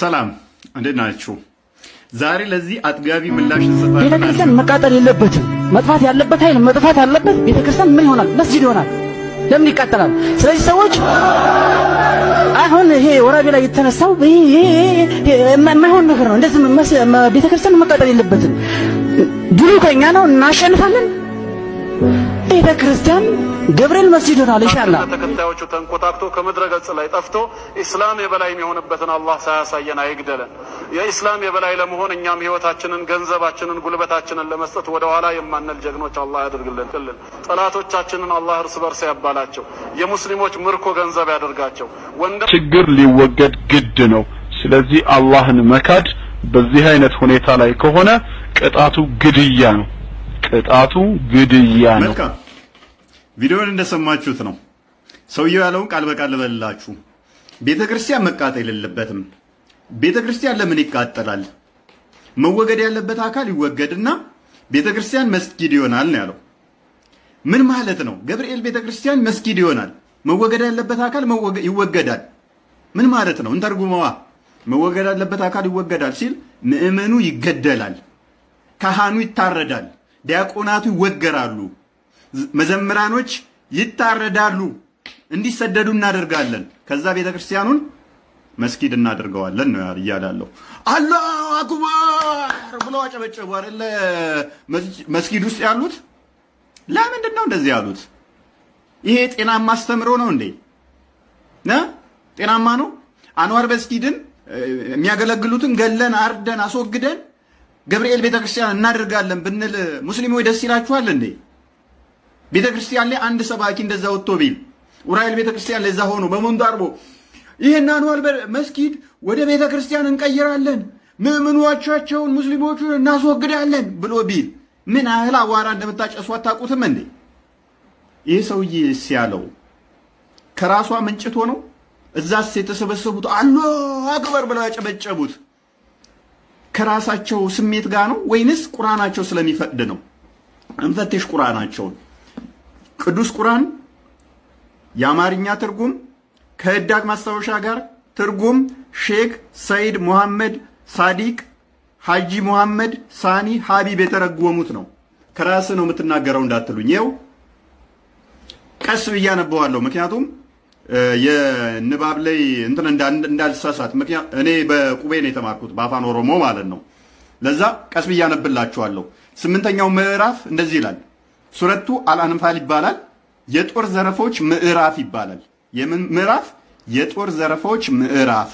ሰላም እንዴት ናችሁ? ዛሬ ለዚህ አጥጋቢ ምላሽ እንሰጣለን። ቤተክርስቲያን መቃጠል የለበትም። መጥፋት ያለበት ኃይል መጥፋት ያለበት ቤተክርስቲያን ምን ይሆናል? መስጂድ ይሆናል። ለምን ይቃጠላል? ስለዚህ ሰዎች አሁን ይሄ ወራቤ ላይ የተነሳው የማይሆን ነገር ነው። እንደዚህ ቤተክርስቲያን መቃጠል የለበትም። ድሉ ከኛ ነው። እናሸንፋለን። ቤተ ክርስቲያን ገብርኤል መስጂዱን ኢንሻአላህ ተከታዮቹ ተንኮታክቶ ከምድረ ገጽ ላይ ጠፍቶ ኢስላም የበላይ የሚሆንበትን አላህ ሳያሳየን አይግደለን። የኢስላም የበላይ ለመሆን እኛም ህይወታችንን፣ ገንዘባችንን፣ ጉልበታችንን ለመስጠት ወደ ኋላ የማንል ጀግኖች አላህ ያድርግልን። ጠላቶቻችንን አላህ እርስ በርስ ያባላቸው፣ የሙስሊሞች ምርኮ ገንዘብ ያደርጋቸው። ወንደ ችግር ሊወገድ ግድ ነው። ስለዚህ አላህን መካድ በዚህ አይነት ሁኔታ ላይ ከሆነ ቅጣቱ ግድያ ነው። ቅጣቱ ግድያ ነው። ቪዲዮን እንደሰማችሁት ነው። ሰውየው ያለውን ቃል በቃል በላችሁ። ቤተ ክርስቲያን መቃጠል የለበትም። ቤተ ክርስቲያን ለምን ይቃጠላል? መወገድ ያለበት አካል ይወገድና ቤተ ክርስቲያን መስጊድ ይሆናል ነው ያለው። ምን ማለት ነው? ገብርኤል ቤተ ክርስቲያን መስጊድ ይሆናል፣ መወገድ ያለበት አካል ይወገዳል። ምን ማለት ነው? እንተርጉመዋ። መወገድ ያለበት አካል ይወገዳል ሲል ምእመኑ ይገደላል፣ ካህኑ ይታረዳል፣ ዲያቆናቱ ይወገራሉ መዘምራኖች ይታረዳሉ፣ እንዲሰደዱ እናደርጋለን። ከዛ ቤተክርስቲያኑን መስጊድ እናደርገዋለን ነው እያለ ያለው። አላሁ አክበር ብሎ አጨበጨቡ አይደለ? መስጊድ ውስጥ ያሉት ለምንድን ነው እንደዚህ ያሉት? ይሄ ጤናማ አስተምሮ ነው እንዴ? ጤናማ ነው? አንዋር መስጊድን የሚያገለግሉትን ገለን አርደን አስወግደን ገብርኤል ቤተክርስቲያን እናደርጋለን ብንል ሙስሊሞች ደስ ይላችኋል እንዴ? ቤተክርስቲያን ላይ አንድ ሰባኪ እንደዛ ወጥቶ ቢል ቤተ ቤተክርስቲያን ለዛ ሆኖ በሞንዶ አርቦ ይህን አንዋር መስጊድ ወደ ቤተክርስቲያን እንቀይራለን፣ ምዕምኖቻቸውን ሙስሊሞቹን እናስወግዳለን ብሎ ቢል ምን ያህል አዋራ እንደምታጨሱ አታውቁትም እንዴ? ይህ ሰውዬ ሲያለው ከራሷ ምንጭቶ ነው። እዛስ የተሰበሰቡት አሎ አክበር ብለው ያጨበጨቡት ከራሳቸው ስሜት ጋር ነው ወይንስ ቁርአናቸው ስለሚፈቅድ ነው? እንፈትሽ ቁርአናቸውን። ቅዱስ ቁርአን የአማርኛ ትርጉም ከህዳግ ማስታወሻ ጋር ትርጉም ሼክ ሰይድ ሙሐመድ ሳዲቅ ሐጂ ሙሐመድ ሳኒ ሀቢብ የተረጎሙት ነው። ከራስ ነው የምትናገረው እንዳትሉኝ፣ ይኸው ቀስ ብዬ አነበዋለሁ። ምክንያቱም የንባብ ላይ እንትን እንዳልሳሳት፣ እኔ በቁቤ ነው የተማርኩት በአፋን ኦሮሞ ማለት ነው። ለዛ ቀስ ብዬ አነብላችኋለሁ። ስምንተኛው ምዕራፍ እንደዚህ ይላል። ሱረቱ አልአንፋል ይባላል። የጦር ዘረፎች ምዕራፍ ይባላል። የምን ምዕራፍ? የጦር ዘረፎች ምዕራፍ።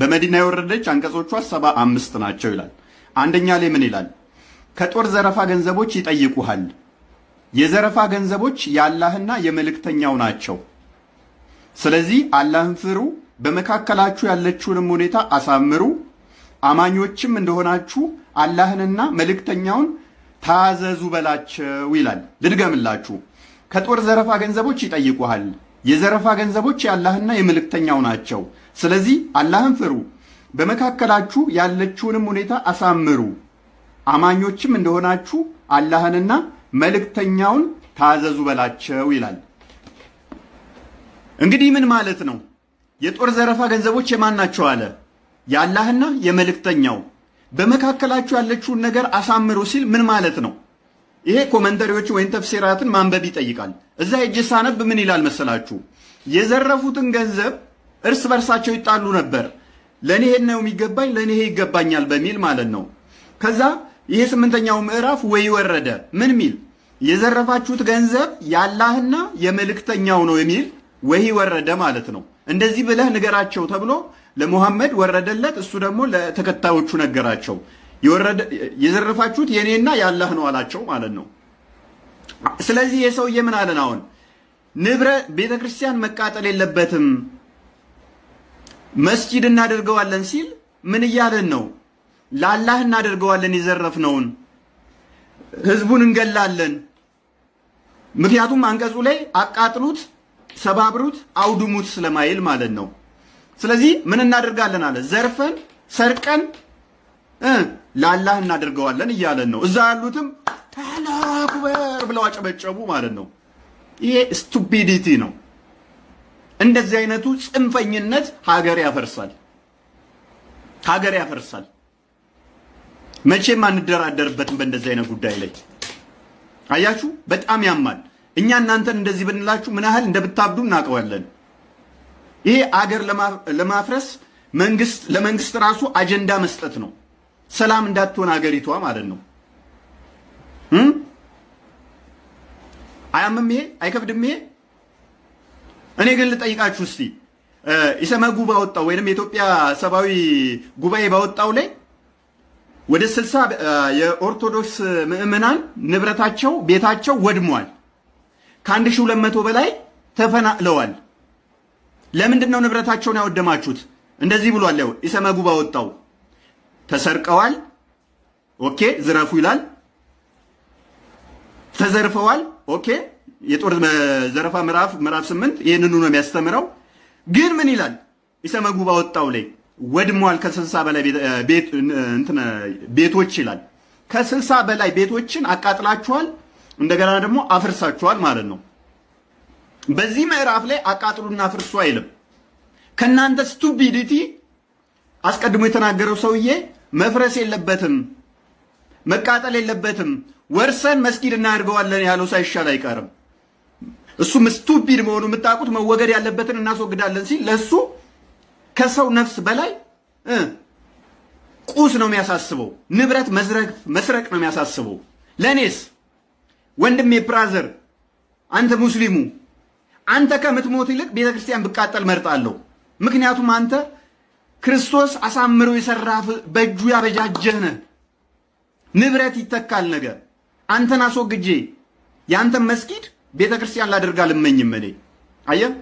በመዲና የወረደች አንቀጾቿ ሰባ አምስት ናቸው ይላል። አንደኛ ላይ ምን ይላል? ከጦር ዘረፋ ገንዘቦች ይጠይቁሃል። የዘረፋ ገንዘቦች የአላህና የመልእክተኛው ናቸው። ስለዚህ አላህን ፍሩ፣ በመካከላችሁ ያለችውንም ሁኔታ አሳምሩ፣ አማኞችም እንደሆናችሁ አላህንና መልእክተኛውን ታዘዙ በላቸው ይላል። ልድገምላችሁ። ከጦር ዘረፋ ገንዘቦች ይጠይቁሃል። የዘረፋ ገንዘቦች የአላህና የመልእክተኛው ናቸው። ስለዚህ አላህን ፍሩ፣ በመካከላችሁ ያለችውንም ሁኔታ አሳምሩ፣ አማኞችም እንደሆናችሁ አላህንና መልእክተኛውን ታዘዙ በላቸው ይላል። እንግዲህ ምን ማለት ነው? የጦር ዘረፋ ገንዘቦች የማን ናቸው አለ? የአላህና የመልእክተኛው በመካከላችሁ ያለችውን ነገር አሳምሮ ሲል ምን ማለት ነው? ይሄ ኮመንተሪዎች ወይም ተፍሲራትን ማንበብ ይጠይቃል። እዛ እጅ ሳነብ ምን ይላል መሰላችሁ? የዘረፉትን ገንዘብ እርስ በርሳቸው ይጣሉ ነበር። ለኔ ይሄን ነው የሚገባኝ፣ ለኔ ይሄ ይገባኛል በሚል ማለት ነው። ከዛ ይሄ ስምንተኛው ምዕራፍ ወይ ወረደ ምን ሚል የዘረፋችሁት ገንዘብ ያላህና የመልእክተኛው ነው የሚል ወይ ወረደ ማለት ነው። እንደዚህ ብለህ ንገራቸው ተብሎ ለሙሐመድ ወረደለት። እሱ ደግሞ ለተከታዮቹ ነገራቸው። የዘረፋችሁት የእኔና ያላህ ነው አላቸው ማለት ነው። ስለዚህ የሰውዬ ምን አለን አሁን ንብረ ቤተ ክርስቲያን መቃጠል የለበትም መስጂድ እናደርገዋለን ሲል ምን እያለን ነው? ለአላህ እናደርገዋለን የዘረፍነውን ህዝቡን እንገላለን። ምክንያቱም አንቀጹ ላይ አቃጥሉት፣ ሰባብሩት፣ አውድሙት ስለማይል ማለት ነው። ስለዚህ ምን እናደርጋለን አለ ዘርፈን ሰርቀን ላላህ እናደርገዋለን እያለን ነው። እዛ ያሉትም ታላክበር ብለው አጨበጨቡ ማለት ነው። ይሄ ስቱፒዲቲ ነው። እንደዚህ አይነቱ ጽንፈኝነት ሀገር ያፈርሳል፣ ሀገር ያፈርሳል። መቼም አንደራደርበትም በእንደዚህ አይነት ጉዳይ ላይ አያችሁ፣ በጣም ያማል። እኛ እናንተን እንደዚህ ብንላችሁ ምን ያህል እንደምታብዱ እናውቀዋለን። ይህ አገር ለማፍረስ መንግስት ለመንግስት ራሱ አጀንዳ መስጠት ነው። ሰላም እንዳትሆን አገሪቷ ማለት ነው። አያምም? ይሄ አይከብድም? ይሄ እኔ ግን ልጠይቃችሁ እስቲ ኢሰመጉ ባወጣው ወይንም የኢትዮጵያ ሰብአዊ ጉባኤ ባወጣው ላይ ወደ ስልሳ የኦርቶዶክስ ምዕመናን ንብረታቸው ቤታቸው ወድሟል። ከአንድ ሺህ ሁለት መቶ በላይ ተፈናቅለዋል። ለምንድን ነው ንብረታቸውን ያወደማችሁት? እንደዚህ ብሏል። ያው ኢሰመጉ ባወጣው ተሰርቀዋል፣ ኦኬ ዝረፉ ይላል። ተዘርፈዋል፣ ኦኬ የጦር ዘረፋ ምዕራፍ ምዕራፍ 8 ይህንኑ ነው የሚያስተምረው። ግን ምን ይላል ኢሰመጉ ባወጣው ላይ ወድሟል ከስልሳ በላይ ቤቶች ይላል። ከስልሳ በላይ ቤቶችን አቃጥላችኋል፣ እንደገና ደግሞ አፍርሳችኋል ማለት ነው። በዚህ ምዕራፍ ላይ አቃጥሉና ፍርሱ አይልም። ከእናንተ ስቱፒዲቲ አስቀድሞ የተናገረው ሰውዬ መፍረስ የለበትም መቃጠል የለበትም ወርሰን መስጊድ እናድርገዋለን ያለው ሳይሻል አይቀርም። እሱም ስቱፒድ መሆኑ የምታውቁት መወገድ ያለበትን እናስወግዳለን ሲል ለእሱ ከሰው ነፍስ በላይ ቁስ ነው የሚያሳስበው። ንብረት መስረቅ ነው የሚያሳስበው። ለእኔስ ወንድሜ ብራዘር አንተ ሙስሊሙ አንተ ከምትሞት ይልቅ ቤተ ክርስቲያን ብቃጠል መርጣለሁ። ምክንያቱም አንተ ክርስቶስ አሳምሮ የሰራህ በእጁ ያበጃጀህ ነህ። ንብረት ይተካል ነገ። አንተን አስወግጄ የአንተን መስጊድ ቤተ ክርስቲያን ላደርግ አልመኝም። እኔ አየህ፣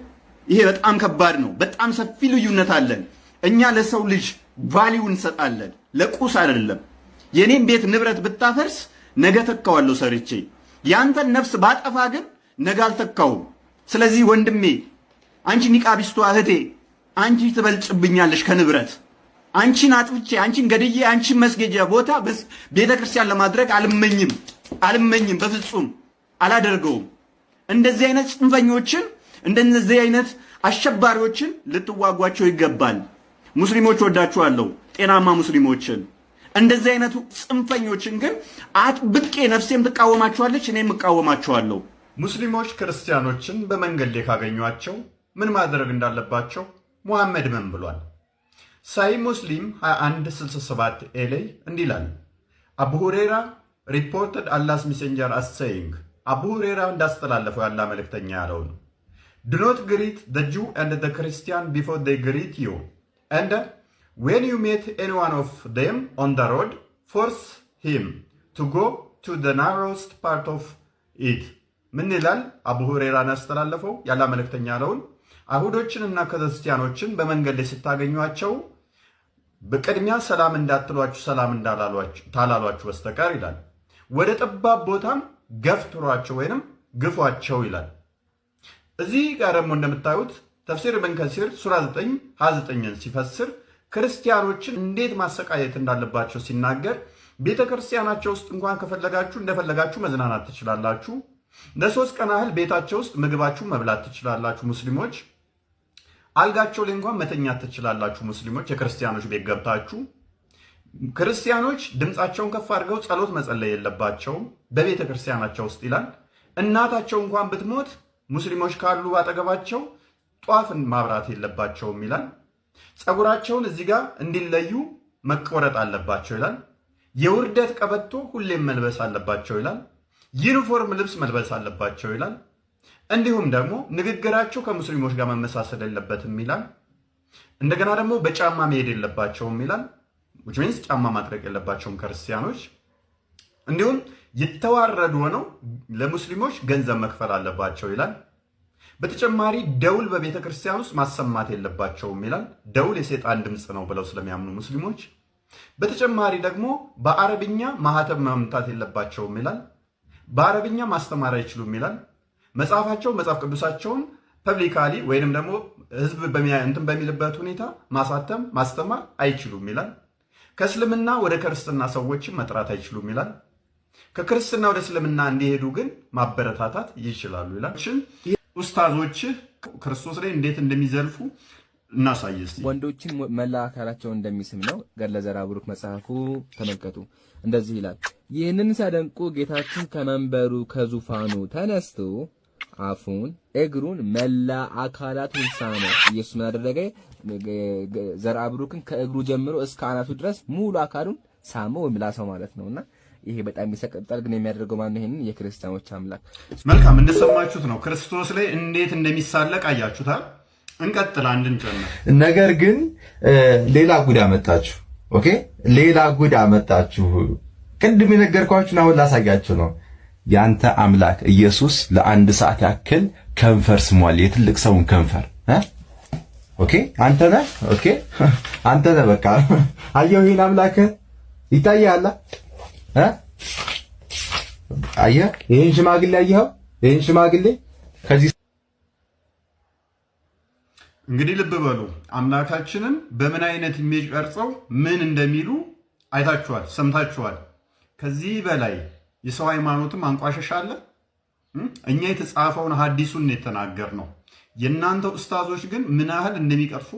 ይሄ በጣም ከባድ ነው። በጣም ሰፊ ልዩነት አለን። እኛ ለሰው ልጅ ቫሊው እንሰጣለን፣ ለቁስ አይደለም። የኔን ቤት ንብረት ብታፈርስ ነገ ተካዋለሁ ሰርቼ፣ ያንተን ነፍስ ባጠፋ ግን ነገ አልተካውም። ስለዚህ ወንድሜ አንቺ ኒቃቢስቷ እህቴ አንቺ ትበልጭብኛለሽ ከንብረት አንቺን አጥፍቼ አንቺን ገድዬ አንቺን መስገጃ ቦታ ቤተ ክርስቲያን ለማድረግ አልመኝም አልመኝም በፍጹም አላደርገውም። እንደዚህ አይነት ጽንፈኞችን እንደነዚህ አይነት አሸባሪዎችን ልትዋጓቸው ይገባል። ሙስሊሞች ወዳችኋለሁ፣ ጤናማ ሙስሊሞችን። እንደዚህ አይነቱ ጽንፈኞችን ግን አጥብቄ ነፍሴም ትቃወማችኋለች፣ እኔም እቃወማችኋለሁ። ሙስሊሞች ክርስቲያኖችን በመንገድ ላይ ካገኟቸው ምን ማድረግ እንዳለባቸው ሙሐመድ ምን ብሏል? ሳይ ሙስሊም 2167 ኤ ላይ እንዲህ ይላል። አቡ ሁሬራ ሪፖርትድ አላስ ሜሴንጀር አስ አቡ ሁሬራ እንዳስተላለፈው ያለ መልእክተኛ ያለው ነው። ዱ ግሪት ዘ ጁ ኤንድ ዘ ክርስቲያን ቢፎር ዴይ ግሪት ዩ ኤንድ ዌን ዩ ሜት ኤኒ ዋን ኦፍ ዴም ኦን ዘ ሮድ ፎርስ ሂም ቱ ጎ ቱ ዘ ናሮስት ፓርት ኦፍ ኢት ምን ይላል? አቡ ሁሬራን ያስተላለፈው ያላ መልእክተኛ ያለውን አይሁዶችንና ክርስቲያኖችን በመንገድ ላይ ስታገኟቸው በቅድሚያ ሰላም እንዳትሏችሁ ሰላም ታላሏችሁ በስተቀር ይላል ወደ ጠባብ ቦታም ገፍትሯቸው ወይንም ግፏቸው ይላል። እዚህ ጋር ደግሞ እንደምታዩት ተፍሲር ኢብን ከሲር ሱራ 9 29ን ሲፈስር ክርስቲያኖችን እንዴት ማሰቃየት እንዳለባቸው ሲናገር ቤተ ክርስቲያናቸው ውስጥ እንኳን ከፈለጋችሁ እንደፈለጋችሁ መዝናናት ትችላላችሁ ለሶስት ቀን ያህል ቤታቸው ውስጥ ምግባችሁ መብላት ትችላላችሁ ሙስሊሞች። አልጋቸው ላይ እንኳን መተኛት ትችላላችሁ ሙስሊሞች። የክርስቲያኖች ቤት ገብታችሁ ክርስቲያኖች ድምፃቸውን ከፍ አድርገው ጸሎት መጸለይ የለባቸውም በቤተ ክርስቲያናቸው ውስጥ ይላል። እናታቸው እንኳን ብትሞት ሙስሊሞች ካሉ አጠገባቸው ጧፍን ማብራት የለባቸውም ይላል። ፀጉራቸውን እዚህ ጋር እንዲለዩ መቆረጥ አለባቸው ይላል። የውርደት ቀበቶ ሁሌም መልበስ አለባቸው ይላል። ዩኒፎርም ልብስ መልበስ አለባቸው ይላል። እንዲሁም ደግሞ ንግግራቸው ከሙስሊሞች ጋር መመሳሰል የለበትም ይላል። እንደገና ደግሞ በጫማ መሄድ የለባቸውም ይላል። ዊች ሚንስ ጫማ ማጥረቅ የለባቸውም ክርስቲያኖች። እንዲሁም የተዋረዱ ሆነው ለሙስሊሞች ገንዘብ መክፈል አለባቸው ይላል። በተጨማሪ ደውል በቤተ ክርስቲያን ውስጥ ማሰማት የለባቸውም ይላል። ደውል የሴጣን ድምፅ ነው ብለው ስለሚያምኑ ሙስሊሞች። በተጨማሪ ደግሞ በአረብኛ ማህተብ መምታት የለባቸውም ይላል። በአረብኛ ማስተማር አይችሉም ይላል መጽሐፋቸው። መጽሐፍ ቅዱሳቸውን ፐብሊካሊ ወይንም ደግሞ ህዝብ እንትን በሚልበት ሁኔታ ማሳተም ማስተማር አይችሉም ይላል። ከእስልምና ወደ ክርስትና ሰዎችን መጥራት አይችሉም ይላል። ከክርስትና ወደ እስልምና እንዲሄዱ ግን ማበረታታት ይችላሉ ይላል። ኡስታዞችህ ክርስቶስ ላይ እንዴት እንደሚዘልፉ እናሳየስ ወንዶችን መላ አካላቸውን እንደሚስም ነው። ገድለ ዘርአብሩክ መጽሐፉ ተመልከቱ። እንደዚህ ይላል። ይህንን ሲያደንቁ ጌታችን ከመንበሩ ከዙፋኑ ተነስቶ አፉን እግሩን መላ አካላቱን ሳመ። ኢየሱስ ምን አደረገ? ዘርአብሩክን ከእግሩ ጀምሮ እስከ አናቱ ድረስ ሙሉ አካሉን ሳመ፣ ወይም ላሰው ማለት ነውና ይሄ በጣም ይሰቀጣል። ግን የሚያደርገው ማነው? ይሄንን የክርስቲያኖች አምላክ። መልካም እንደሰማችሁት ነው። ክርስቶስ ላይ እንዴት እንደሚሳለቅ አያችሁታል። እንቀጥል አንድን ጀምር። ነገር ግን ሌላ ጉድ አመጣችሁ። ኦኬ ሌላ ጉድ አመጣችሁ። ቅድም የነገርኳችሁን አሁን ላሳያችሁ ነው። ያንተ አምላክ ኢየሱስ ለአንድ ሰዓት ያክል ከንፈር ስሟል፣ የትልቅ ሰውን ከንፈር። ኦኬ አንተ ነህ። ኦኬ አንተ ነህ። በቃ አየሁ፣ ይሄን አምላክህን ይታያል። አየህ፣ ይሄን ሽማግሌ አየኸው፣ ይሄን ሽማግሌ ከዚህ እንግዲህ ልብ በሉ አምላካችንን በምን አይነት ኢሜጅ ቀርጸው ምን እንደሚሉ አይታችኋል፣ ሰምታችኋል። ከዚህ በላይ የሰው ሃይማኖትም አንቋሸሻ አለ። እኛ የተጻፈውን ሐዲሱን የተናገር ነው። የእናንተ ኡስታዞች ግን ምን ያህል እንደሚቀርፉ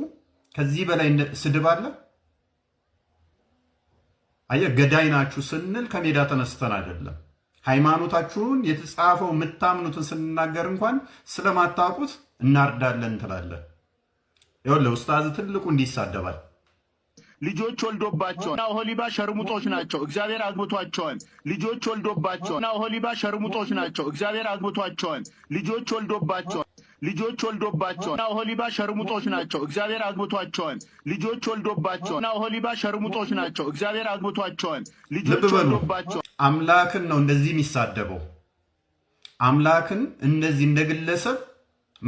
ከዚህ በላይ ስድብ አለ። አየ ገዳይ ናችሁ ስንል ከሜዳ ተነስተን አይደለም። ሃይማኖታችሁን የተጻፈው የምታምኑትን ስንናገር እንኳን ስለማታውቁት እናርዳለን እንትላለን። ይኸውልህ ኡስታዝ ትልቁ እንዲህ ይሳደባል። ልጆች ወልዶባቸዋል። ኦሆሊባ ሸርሙጦች ናቸው፣ እግዚአብሔር አግብቷቸዋል። ልጆች ወልዶባቸዋል። ኦሆሊባ ሸርሙጦች ናቸው፣ እግዚአብሔር አግብቷቸዋል። ልጆች ወልዶባቸዋል። ልጆች ወልዶባቸዋል። ኦሆሊባ ሸርሙጦች ናቸው፣ እግዚአብሔር አግብቷቸዋል። ልጆች ወልዶባቸዋል። ሆሊባ ሸርሙጦች ናቸው፣ እግዚአብሔር አግብቷቸዋል። ልጆች ወልዶባቸዋል። አምላክን ነው እንደዚህ የሚሳደበው። አምላክን እንደዚህ እንደ ግለሰብ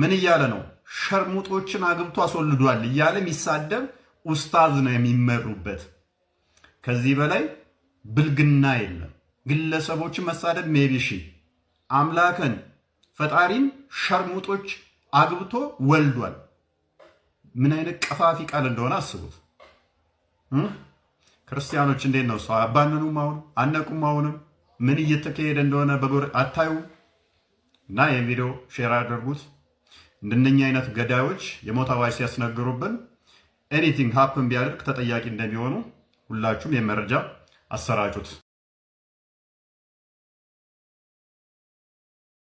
ምን እያለ ነው? ሸርሙጦችን አግብቶ አስወልዷል እያለ የሚሳደብ ኡስታዝ ነው የሚመሩበት። ከዚህ በላይ ብልግና የለም። ግለሰቦችን መሳደብ ሜቢሺ አምላከን አምላክን ፈጣሪን ሸርሙጦች አግብቶ ወልዷል። ምን አይነት ቀፋፊ ቃል እንደሆነ አስቡት። ክርስቲያኖች እንዴት ነው ሰው አባነኑም? አሁን አነቁም፣ አሁንም ምን እየተካሄደ እንደሆነ በጎር አታዩ እና የቪዲዮ ቪዲዮ ሼር አድርጉት። እንደነኛ አይነት ገዳዮች የሞት አዋጅ ሲያስነግሩብን ኤኒቲንግ ሀፕን ቢያደርግ ተጠያቂ እንደሚሆኑ ሁላችሁም የመረጃ አሰራጩት።